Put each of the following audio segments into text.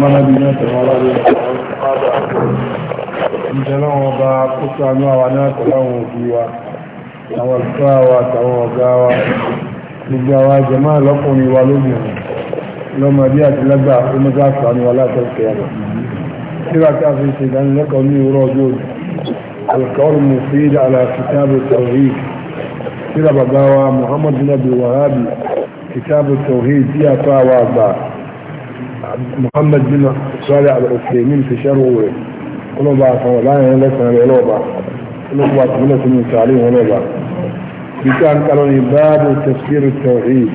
mọ́nàbínáta wọ́n lárí ìjẹ́lọ́wọ́ ọba kó sánú àwọn aláàtọ̀láwọn òbí wa àwọn ìfáwà àtàwọn ọ̀gá wa gbogbo àwọn ajẹ́mọ́ lọ́kùnrin wa lónìí lọ́mọdé àti lágbà onígbà sánú alátọ̀kẹ́ rẹ̀ síra ká fi ṣe ìdánilẹ́kọ̀ọ́ ní ìrọ̀ ọjọ́ alkawar mufid ala kitab tawhid síra bàbá wa muhammadu nabi wahabi kitab tawhid tí a fáwà gbà محمد بن صالح العثيمين في شرعه لا فولانا لسنا قلوبا قلوبا قلوبا من تعليم في كان قالوا باب تفسير التوحيد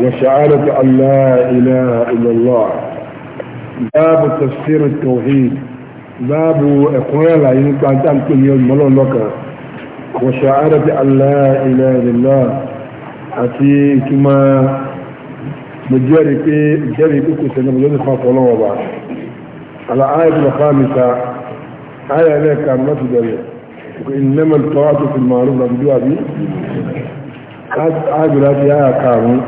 وشعارة أن لا إله إلا الله باب تفسير التوحيد باب إقرار يمكن كان تكون يوم ملون لك وشعارة أن لا إله إلا الله أتي كما mo jẹ́rìí pé jẹ́rìí pé kò sẹ́ni ọmọdé fún ọkọ̀ ọlọ́wọ́ wa àlà ayé tó lọ́kọ́ àmì ta ayé ẹlẹ́ka mọ́tò bẹ̀rẹ̀ ìnáma tọ́ àti fi màrún lọ bí wàbí ayé bẹ̀rẹ̀ àti ayé àkàrún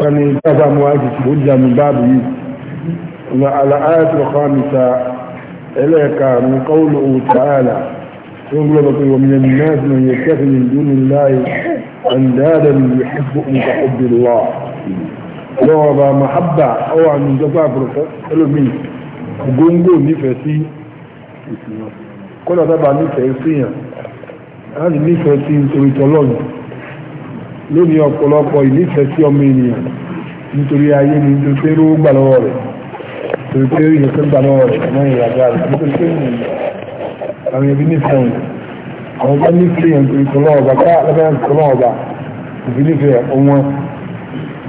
wọn ni dáadáa mú ayé tó jà mí báàbù yìí ọ̀nà àlà ayé tó lọ́kọ́ àmì ta ẹlẹ́ka mú kọ́wùlù òwò tààlà tó ń lọ́dọ̀ pé wọ́n yẹn náà sì yẹ kẹ́fì ní dúnú láyé àndáàdà ní yẹ lọ́wọ́ ọba mahabba ọwọ́ àmì ìjọba àgbọ̀rọ̀fẹ́ ẹlòmíì gbogbo nífẹ̀ẹ́ sí kọ́nà sábà nífẹ̀ẹ́ sí láti nífẹ̀ẹ́ sí nítorí tọ́lọ́nù lónìí ọ̀pọ̀lọpọ̀ ìnífẹ̀ẹ́ sí ọmọ ènìyàn nítorí ayé ni gbà lọ́wọ́ rẹ̀ ìyẹn tó gbà lọ́wọ́ rẹ̀ ìyàgbá rẹ̀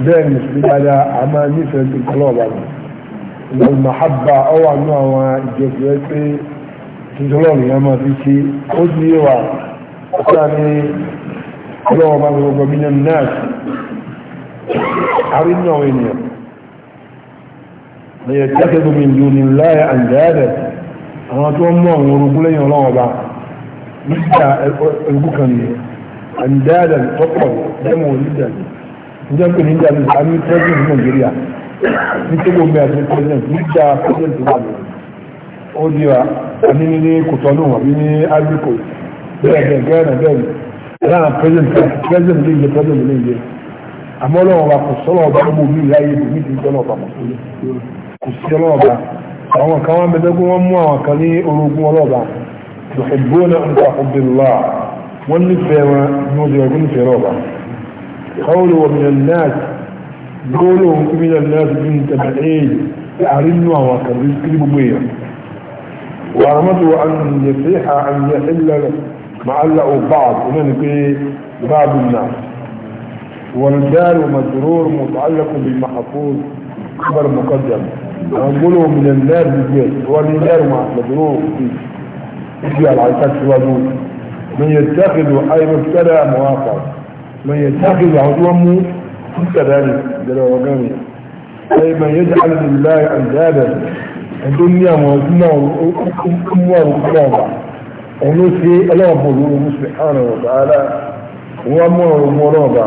bẹ́ẹ̀ mùsùlùmí dáadáa a máa nífẹ̀ẹ́ sí kọlọ́ọ̀bà rẹ̀ ìgbàlù mahabba ọ wà ní àwọn ìjọsìn ẹ pé tuntun yẹn máa fi ṣe ó sì yé wa ọ̀sá ní kọlọ́ọ̀bà gbogbo mílíọ̀nù náà àrí ní àwọn ènìyàn lè tẹ́tẹ́ tó min ní láyé àǹdáyàdẹ̀ àwọn tó ń àwọn orogún lẹ́yìn ọlọ́wọ́ bá nígbà ẹgbùkan ni àǹdáyàdẹ̀ tọ́pọ̀ lẹ́mọ̀ onídàá níjọ́ pé níjà ní ìgbà ní president Nàìjíríà ní tí gbogbo ẹ̀sìn president níjà president wà lórí ó di wa àní ní ní kòtọ́nù àbí ní agbèkò bẹ́ẹ̀ bẹ́ẹ̀ gẹ́rẹ́ náà bẹ́ẹ̀ ìlànà president president lè yẹ president lè yẹ àmọ́ lọ́wọ́ wa kò sọ́wọ́ ọba gbogbo mi láyé ibò ní ìdíjọ́ lọ́wọ́ ọba kò sí ọlọ́ọ̀ba àwọn kan wọn bẹ̀dẹ́gún wọn mú àwọn kan ní orogún ọlọ́ọ̀ba ìbò náà ń ta ọbẹ̀ lọ́wọ́ wọn nífẹ̀ẹ́ wọn ní wọ́n jẹ́ ọgbọ́n nífẹ̀ẹ́ قوله ومن الناس قوله من الناس من تبعين أعرنوا وكان يسكرب بيه وأرمته أن يصيح أن يحل معلق بعض ومن بعض الناس والدار مجرور متعلق بالمحفوظ خبر مقدم أقوله من الناس بالبيت والدار مجرور في العيشات شوادون من يتخذ أي مبتلى مواقع من يتخذ عدوا كذلك جل وعلا أي من يجعل لله أندادا الدنيا موزنة والأموال قرابة ونسي الله سبحانه وتعالى وأموال مرابة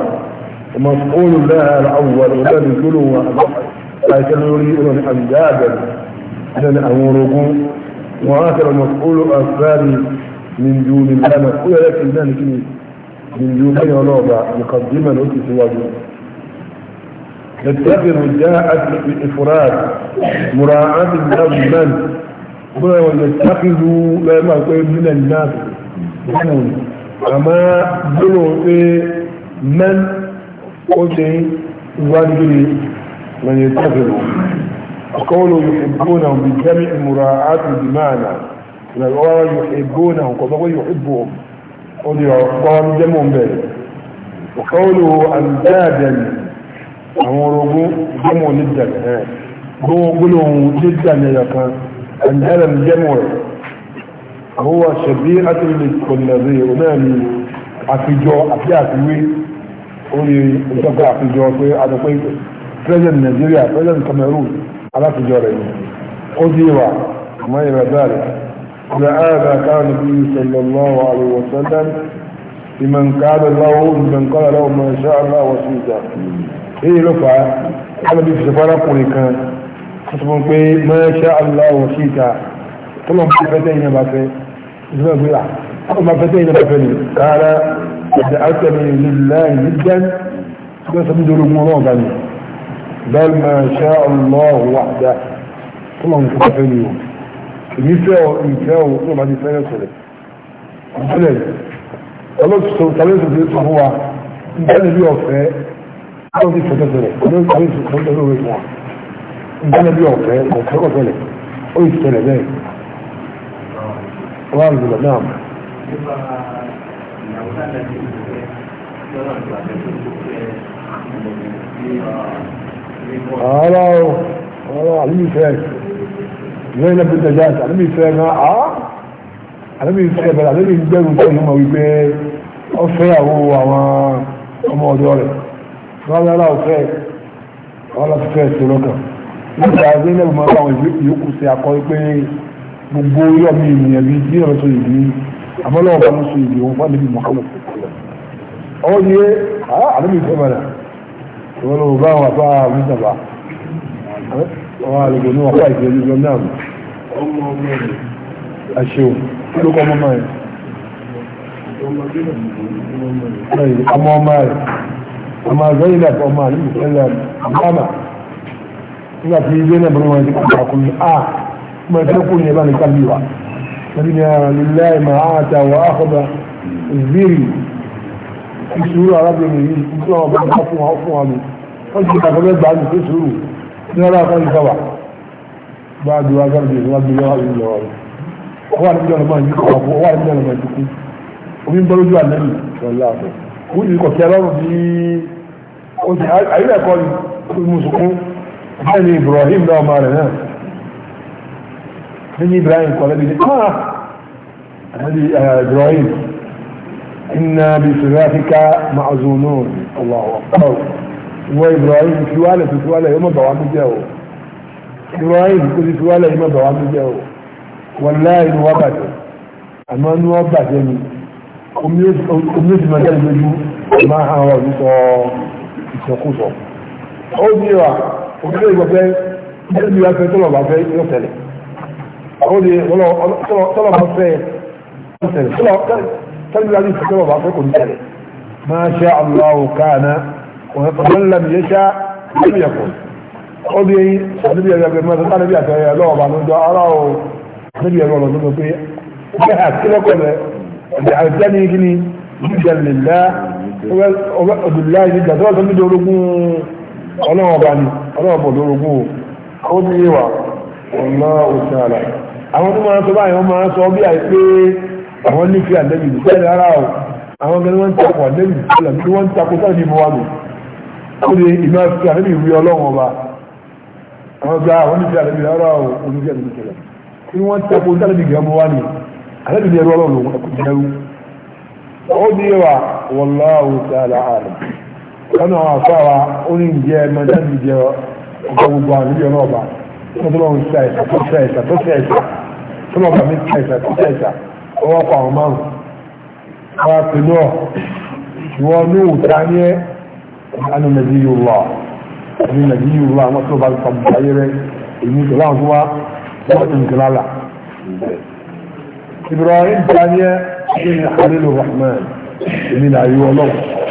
ومسؤول لها الأول ولا نزله فيتلوري أن أندادا لن أمركم وآخر المسؤول الثاني من دون الله مسؤول لكن ذلك من دون بالجوفين ونوبة مقدمة لأنت سواجه تتبر جاءت بإفراد مراعاة الناس من ويتخذ لا ما يقول من الناس أما بلو من قلت وانجلي من يتخذ وقولوا يحبونهم بجميع مراعاة بمعنى يحبونهم قبل يحبهم odi ọgbọn jẹmọ mbẹ ọkọọlù àǹdáàdẹn àwọn orogún jẹmọ nìjàn ẹ gbọ́n gbólóhùn nìjàn ẹ̀yà kan àǹdáàdẹn jẹmọ rẹ àwọn aṣẹ̀bí àtìlẹ kọlẹ̀rẹ onáàmì àfijọ àti Nigeria wa هذا كان النبي صلى الله عليه وسلم لمن قال له لمن قال له ما شاء الله وسيدا ايه لفع انا بيش سفارة قريكا خصبا قوي ما شاء الله وسيدا طلع ما فتين بافي اسمه قوي طلع ما فتين بافي قال دعتني لله جدا بس بدو رمضان بل ما شاء الله وحده طلع ما فتين èmi fẹ́ ọ ìfẹ́ ọ tó bá ti fẹ́ ẹ sọ̀rọ̀ ìbílẹ̀ ọlọ́sọ tàbí ti sọ fún wa ìbílẹ̀ bí ọ̀fẹ́ ọlọ́sọ ti fọ́tọ̀ sọ̀rọ̀ ọlọ́sọ tàbí ti fọ́tọ̀ sọ̀rọ̀ fún wa ìbílẹ̀ bí ọ̀fẹ́ ọ̀fẹ́ ọ̀fẹ́lẹ̀ ó yìí lẹ́yìn lẹ́bi tẹ̀já àti àlẹ́bí fẹ́ náà a àlẹ́bí fẹ́ bẹ̀rẹ̀ àlẹ́bí gbẹ̀rù tó yẹn mọ̀ wípé ó fẹ́ àwọn àwọn ọmọ ọ̀dọ́ rẹ̀ rárá rárá ò fẹ́ wọn lọ fẹ́ ṣe lọ́kàn nígbà tí lẹ́bi máa bá àwọn ìyókù ṣe akọ pé gbogbo yọ̀ mí ènìyàn bíi bí ọ̀rọ̀ tó yìí ní àmọ́lọ́wọ́ bá ló ṣe ìdí wọn fún àlẹ́bí mọ̀kánmọ̀ ọwọ́ ni àlẹ́bí fẹ́ bẹ̀rẹ̀ ìwọ́n lọ́wọ́ bá àwọn àbá wọ́n àlùkò ní ọ̀pá ìgbẹ́ ní ọjọ́ náà ọmọ ọmọ rẹ̀ àṣeò kí ló kọ́ ọmọ rẹ̀ ọmọ ọmọ rẹ̀ ọmọ àgbẹ̀ ilẹ̀ ọmọ àlùkò ilẹ̀ àbámà nígbà tí ilé náà bọ́lá wọn ti kọ́ ọkùnrin a ọmọ ah, ìfẹ́ kò ní ẹ bá ní kábí wa lórí ah, arábìnrin yìí nítorí àwọn fún wa fún wa ni wọ́n لا كان سبع بعد ما قال لي رب الله الا هو هو اللي قال ما يجيك هو اللي قال ما يجيك ومين بلوجو على النبي والله هو اللي كان كلامه دي قلت ايوه قال المسكون قال ابراهيم لو ما لنا من ابراهيم قال لي اه هذه ابراهيم انا بصلاتك معزونون الله اكبر ìwọ Ibrahim fiwálẹ̀ fi fiwálẹ̀ yóò mọ̀ bà wá mú jẹ́ o Ibrahim kò sí fiwálẹ̀ yóò mọ̀ bà wá mú jẹ́ o wàláhì inú wa bàjẹ́ àmọ́ inú wa bàjẹ́ ni omi ó ti máa jáde lójú máa hàn wà ní sọ ìsọkúsọ ó ní wa òkèlè ìgbọ̀fẹ́ ẹni bí wàá fẹ́ tọ́lọ̀ bá fẹ́ yóò tẹ̀lẹ̀ ó ní tọ́lọ̀ bá fẹ́ yóò tẹ̀lẹ̀ tọ́lọ̀ bá fẹ́ kò ní tẹ̀lẹ̀ máa ṣe àlọ́ ومن لم يشاء لم يكن ọdún àdúgbò ẹgbẹ́ ẹgbẹ́ mẹ́ta tánàbí àtẹ̀yẹ lọ́wọ́ba ló ń jọ ara o àdúgbò ẹgbẹ́ ọ̀rọ̀ tó pé ẹ àtìlẹ́kọ̀ rẹ̀ ẹ̀dẹ̀ àìsílẹ̀ ní kíni ìjà lèlá ọdúnlá ìdí ìjà tó wà ó lè ìmọ̀ fi àlébì wí ọlọ́run ọba àwọn ọgbà àwọn oníṣẹ́ àlébì rárá o oníṣẹ́ àlébì kẹlẹ̀ kí wọ́n ti ẹ̀kọ́ àlébì gẹ̀ ọmọ wa ni àlébì ní ẹrú ọlọ́run lòun ẹ̀kọ́ ìjẹrú ó ní wa wallahu ta'ala alim kánú àwọn afáwa ó ní ìjẹ́ ẹ̀mọ jáde ìjẹ́ أنا نبي الله أنا نبي الله ما وأطلب الصبير يموت الله هو وأتم كلالا إبراهيم ثانية خليل الرحمن من أيوة الله